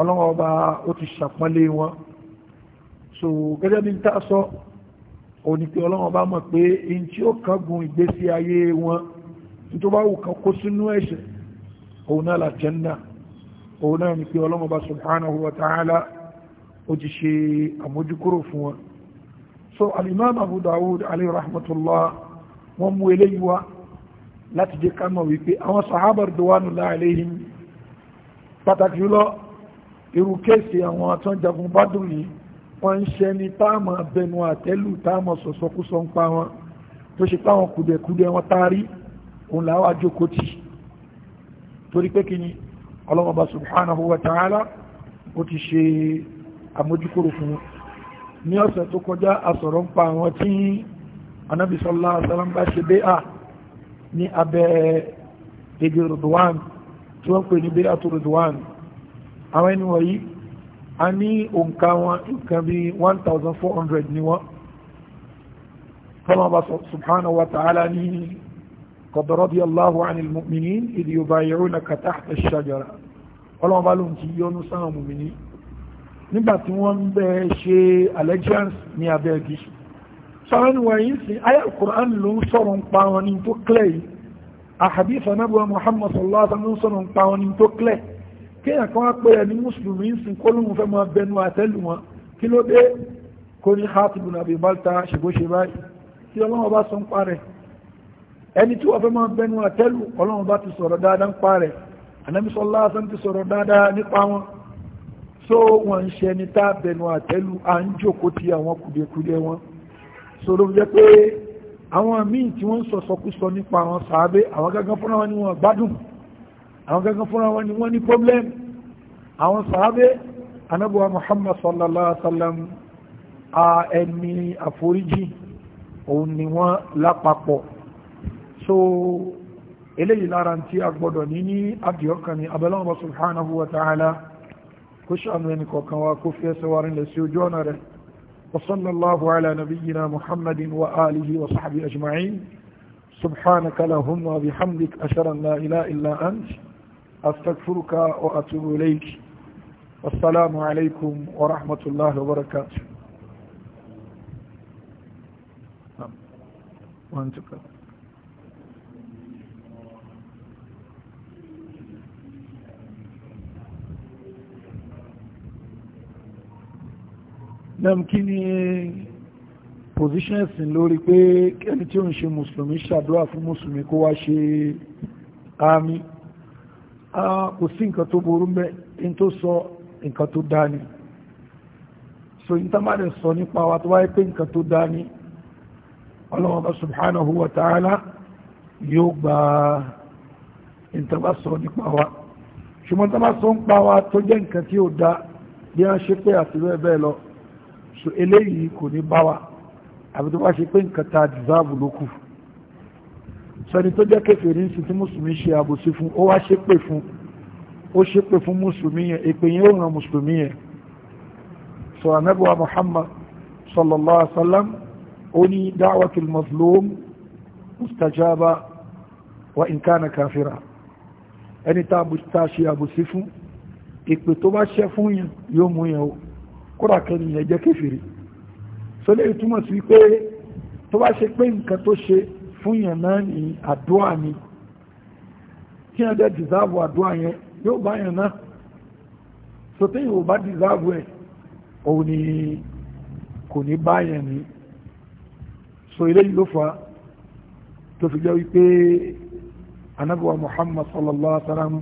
ọlọ́wọ́ ọba ó ti ṣàpọ́nlé wọn so gẹ́gẹ́ bí n tá sọ òní pé ọlọ́wọ́ bá mọ̀ pé in tí ó kángun ìgbésí ayé wọn tó bá wù kan kó sínú ẹ̀ṣẹ̀ òun náà làjẹ́ńdà òun náà ni pé ọlọ́wọ́ bá subhanahu wa ta'ala ó ti ṣe àmójúkúrò fún wọn so alimam abu dawud alayhi rahmatullah wọ́n mú eléyìí wá láti jẹ́ ká mọ̀ wípé àwọn sahabar duwanullah alayhim pàtàkì jùlọ irú kéèsì àwọn àtàn jagun bádùn yìí wọ́n ń ṣe ní táàmà bẹnu àtẹ́lù táàmà sọ̀sọ̀kúsọ ń pa wọn tó ṣe páwọn kùdẹ̀kùdẹ̀ wọn taari òun làwọn àjókòtì torí pé kí ni ọlọ́mọba subhanahu wa ta'ala ó ti ṣe àmójúkúrò fún wọn ní ọ̀sẹ̀ tó kọjá asọ̀rọ̀ ń pa àwọn tí anábì sallallahu alaihi wasallam bá ṣe bẹ́à ní abẹ́ èdè Ridwan tí wọ́n pè ní bẹ́à tó Ridwan àwọn ẹni wọ̀nyí a ní òǹkà wọn nǹkan bí 1400 ni wọ́n فالله سبحانه وتعالى قد رضي الله عن المؤمنين إذ يبايعونك تحت الشجرة فالله بالهم تيون سنة مؤمنين nígbàtí wọ́n ń bẹ ṣe allegiance ní abẹ́ igi sọ́rọ̀ ni wọ̀nyí sí ayé Al-Qur'an ló ń sọ̀rọ̀ ń pa wọn ní tó clear yìí àhàbífà náà bọ́ Muhammad sallallahu alaihi wasallam ń sọ̀rọ̀ ń pa wọn ní tó clear kéèyàn kan wá pé ẹni mùsùlùmí ń sin kólóhùn fẹ́ máa bẹnu àtẹ́lù wọn kí ló dé kó ní Khatibu Abi Balta ṣègbóṣe báyìí tí ọlọ́wọ́ bá sọ ń pa rẹ̀ so wọ́n ń ṣe ẹni tá bẹnu àtẹ́lù à ń jòkó ti àwọn kùdẹ̀kùdẹ̀ wọn so ló jẹ́ pé àwọn míì tí wọ́n ń sọ̀sọ̀kúsọ nípa àwọn sàábé àwọn gángan fúnra wọn ni wọ́n gbádùn àwọn gángan fúnra wọn ni wọ́n ní problem àwọn sàábé anábọ̀wá Muhammad sallallahu alaihi wa sallam a ẹni àforíjì òun ni wọ́n lápapọ̀ so eléyìí lára tí a gbọ́dọ̀ ní ní abdiyọ́kan ni abẹ́lọ́wọ́ subhanahu wa ta'ala kó ṣàánú ẹni كفية wa لسيو جونر وصلى الله على نبينا محمد وآله وصحبه أجمعين سبحانك لهم وبحمدك أشرا لا إله إلا أنت أستغفرك وأتوب إليك والسلام عليكم ورحمة الله وبركاته نعم. وانتقل náà ni position ẹ̀sìn lórí pé ẹni tí ó ń ṣe mùsùlùmí ṣàdúrà fún mùsùlùmí kó wá ṣe àmì kò sí nǹkan tó burú mẹ́ in tó sọ nǹkan tó dá ni so in tamale sọ nípa wa tó wáyé pé nǹkan tó dá ni ọlọ́wọ́n subhanahu wa ta'ala yóò gba ìntàbá sọ nípa wa ṣùgbọ́n tàbá sọ ń pa wa tó jẹ́ nǹkan tí ó dá bí a ṣe pé àti bẹ́ẹ̀ bẹ́ẹ̀ lọ so eléyìí kò ní bá wa àbí tó bá ṣe pé nǹkan ta dìsáàbù ló kù sọni tó jẹ́ kèfèrí sí tí mùsùlùmí ṣe àbòsí fún ó wá ṣépè fún ó ṣépè fún mùsùlùmí yẹn èpè yẹn ó ràn mùsùlùmí yẹn sọ anábíwá Muhammad sallallahu alaihi wasallam ó ní da'watul mazlum mustajaba wa in kafira ẹni tá a ṣe àbòsí fún èpè tó bá ṣẹ́ fún yẹn yóò mú yẹn o kódà kẹ́ni yẹn jẹ́ kéfìrí so lè túmọ̀ sí pé tó bá ṣe pé nǹkan tó ṣe fún yàn náà ní àdúrà ni kí yàn dẹ́ dìsáàbù àdúrà yẹn yóò bá yàn náà so tí yóò bá dìsáàbù ẹ̀ òun ni kò ní bá yàn ní so eléyìí ló fà tó fi jẹ́ wípé anábíwá Muhammad sallallahu alaihi wa sallam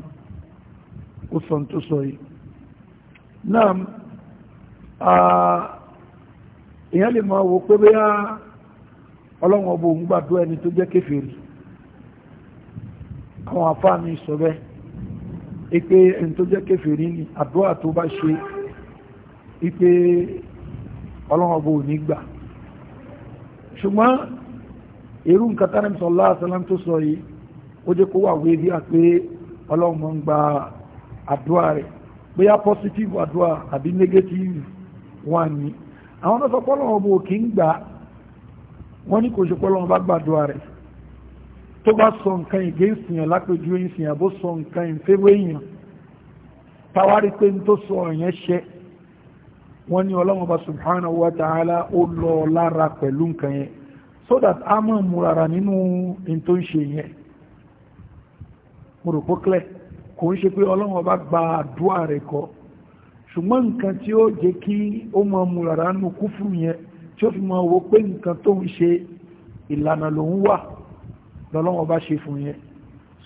ó sọ tó sọ yìí náà èèyàn lè máa wo pé bóyá ọlọ́run ọba òun gbàdúrà ẹni tó jẹ́ kéfèrè àwọn àfáà mi sọ bẹ́ẹ̀ pé ẹni tó jẹ́ kéfèrè ni àdúrà tó bá ṣe ipe ọlọ́run ọba òun gbà ṣùgbọ́n irú nǹkan tánà sọ̀lá àsálàm tó sọ yìí ó jẹ́ kó wà wé bí a pé ọlọ́run máa ń gba àdúrà rẹ̀ bóyá positive àdúrà àbí negative wọ́n ní àwọn náà sọ pé Ọlọ́run bò kí ń gbà wọ́n ní kò ṣe pé Ọlọ́run bá gbàdúrà rẹ̀ tó bá sọ nǹkan ìgé ìsìyàn lápẹjú ìsìyàn bó sọ nǹkan ìfẹ́wé èèyàn tawárí pé tó sọ ọ̀yẹn ṣẹ wọ́n ní Ọlọ́run bá subhanahu wa ta'ala ó lọ lára pẹ̀lú nǹkan yẹn so that a mọ̀ múrara nínú in tó ń ṣe yẹn mo rò pé clear kò ń ṣe pé Ọlọ́run bá rẹ̀ kọ́ ṣùgbọ́n nǹkan tí ó jẹ́ kí ó máa mú rárá nù kúfùrù yẹn tí ó fi máa wo pé nǹkan tó ń ṣe ìlànà ló ń wà lọ́lọ́wọ́ bá ṣe fún yẹn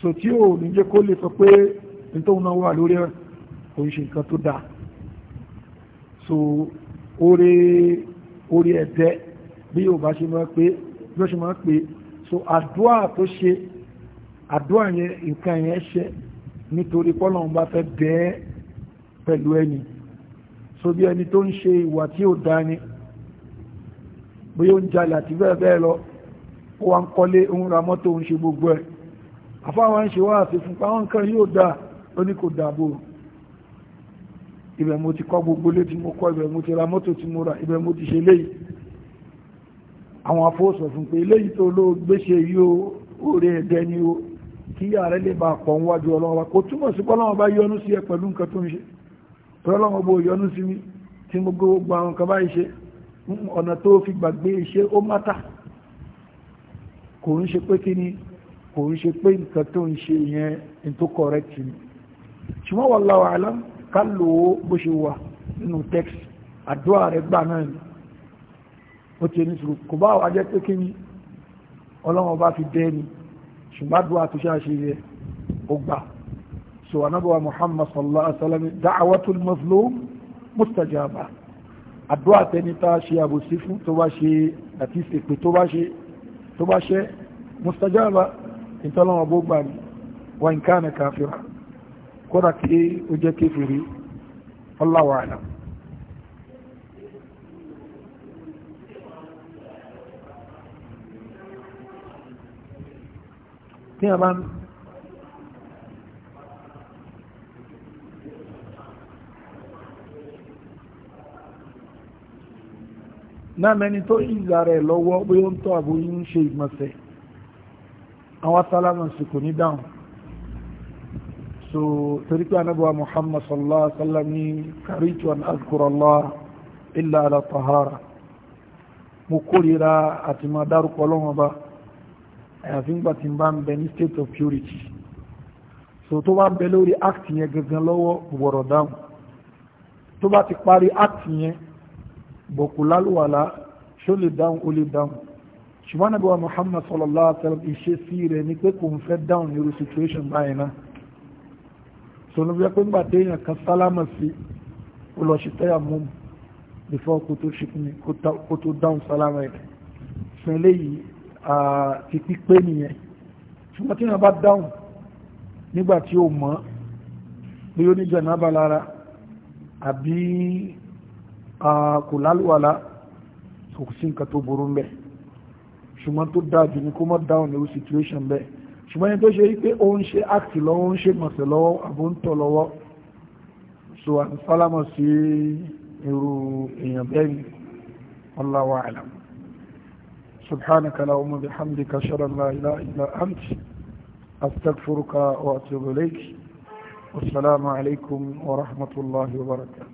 so tí ó ní jẹ́ kó lè sọ pé nítorí náà wà lórí ẹ̀ ṣe nǹkan tó dáa so orí orí ẹ̀tẹ́ bí yóò bá ṣe máa pé bí ó ṣe máa pé so àdúà tó ṣe àdúà yẹn nǹkan yẹn ṣe nítorí pọ́lọ́run bá fẹ́ bẹ́ẹ̀ pẹ̀lú ẹni so bí ẹni tó ń ṣe ìwà tí ó dá ní bí ó ń jalè àti bẹ́ẹ̀ bẹ́ẹ̀ lọ ó wá ń kọ́lé òun ra mọ́tò ń ṣe gbogbo ẹ̀ àfáwọn ṣe wá àti fún pàwọn nǹkan yóò dá ó ní kò dàbò ibẹ̀ mo ti kọ́ gbogbo lé tí mo kọ́ ibẹ̀ mo ti ra mọ́tò tí mo ra ibẹ̀ mo ti ṣe léyìí àwọn afóòsọ̀ fún pé léyìí tó ló gbéṣe yóò orí ẹ̀dẹ́ ni ó kí ààrẹ lè bá pọ̀ níwájú ọlọ́wọ́ kò túmọ̀ sí pọ́lọ́wọ́ bá yọnu sí ẹ pẹ̀lú nǹkan tó ń ṣe tọ́lọ́wọ́ bó yọnú sí mi tí mo gbé gbogbo àwọn kan báyìí ṣe ọ̀nà tó fi gbàgbé iṣẹ́ ó mátà kò ń ṣe pé kí ni kò ń ṣe pé nǹkan tó ń ṣe yẹn in tó correct ni ṣùgbọ́n wallahu alam ká lò ó bó ṣe wà nínú text àdúrà rẹ̀ gbà náà ni ó ti ní sùúrù kò bá wà jẹ́ pé kí ni ọlọ́wọ́n bá fi dẹ́ ni ṣùgbọ́n àdúrà tó ṣe yẹ ó gbà so anabuwa muhammad sallallahu alaihi wasallam da'awatul mazlum mustajaba àdúrà tẹni tá a ṣe àbòsí fún tó bá ṣe àti ìsèpè tó bá ṣe tó bá ṣe mustajaba ìtọ́lọ́wọ́ bó gbà ní wà ń ká ní káfíra kódà kí ó jẹ́ kéfìrí ọláwà àlà tí a bá náà mẹ́ni tó ìgbà rẹ̀ lọ́wọ́ pé ó ń tọ́ àbò ń ṣe ìgbọ̀nsẹ̀ àwọn sálámà sì kò ní dáhùn so torí pé anábọ̀ Muhammad sallallahu alaihi wa sallam ní kàríkì wọn azkurallah illa ala tahara mo kórìíra àti máa dárúkọ ọlọ́wọ́n bá àyàfi ńgbà tí n bá ń bẹ ní state of purity so tó bá ń bẹ lórí act yẹn gangan lọ́wọ́ gbọ́dọ̀ dáhùn tó bá ti parí act yẹn bọ̀kù lálùwàlá ṣó lè dáhùn ó lè dáhùn ṣùgbọ́n Ànábì wa Muhammad sallallahu alaihi wa sallam ìṣesí rẹ̀ ni pé kò ń fẹ́ dáhùn ní irú situation báyìí náà sọ̀nà bí wọ́n pé ń gbà téèyàn kan sálámà sí ó lọ ṣe tẹ́yà mú un before kó tó ṣe kí kó tó dáhùn sálámà rẹ̀ fún eléyìí ti pípé nìyẹn ṣùgbọ́n téèyàn bá dáhùn nígbà tí ó mọ̀ bí ó ní jẹ̀nàbà lára àbí kò lálùwàlá kò sí nǹkan tó burú ń bẹ̀ ṣùgbọ́n tó dáa jù ní kó mọ́ dáhùn ní situation bẹ́ẹ̀ ṣùgbọ́n ẹni tó ṣe wípé ó ń ṣe act lọ́wọ́ ń ṣe mọ̀sẹ̀ lọ́wọ́ àbó ń tọ̀ lọ́wọ́ so àti sálámọ̀ sí irú èèyàn bẹ́ẹ̀ ni wallahu a'lam subhanaka allahumma bihamdika ashhadu an la ilaha illa anta أستغفرك وأتوب إليك والسلام عليكم ورحمة الله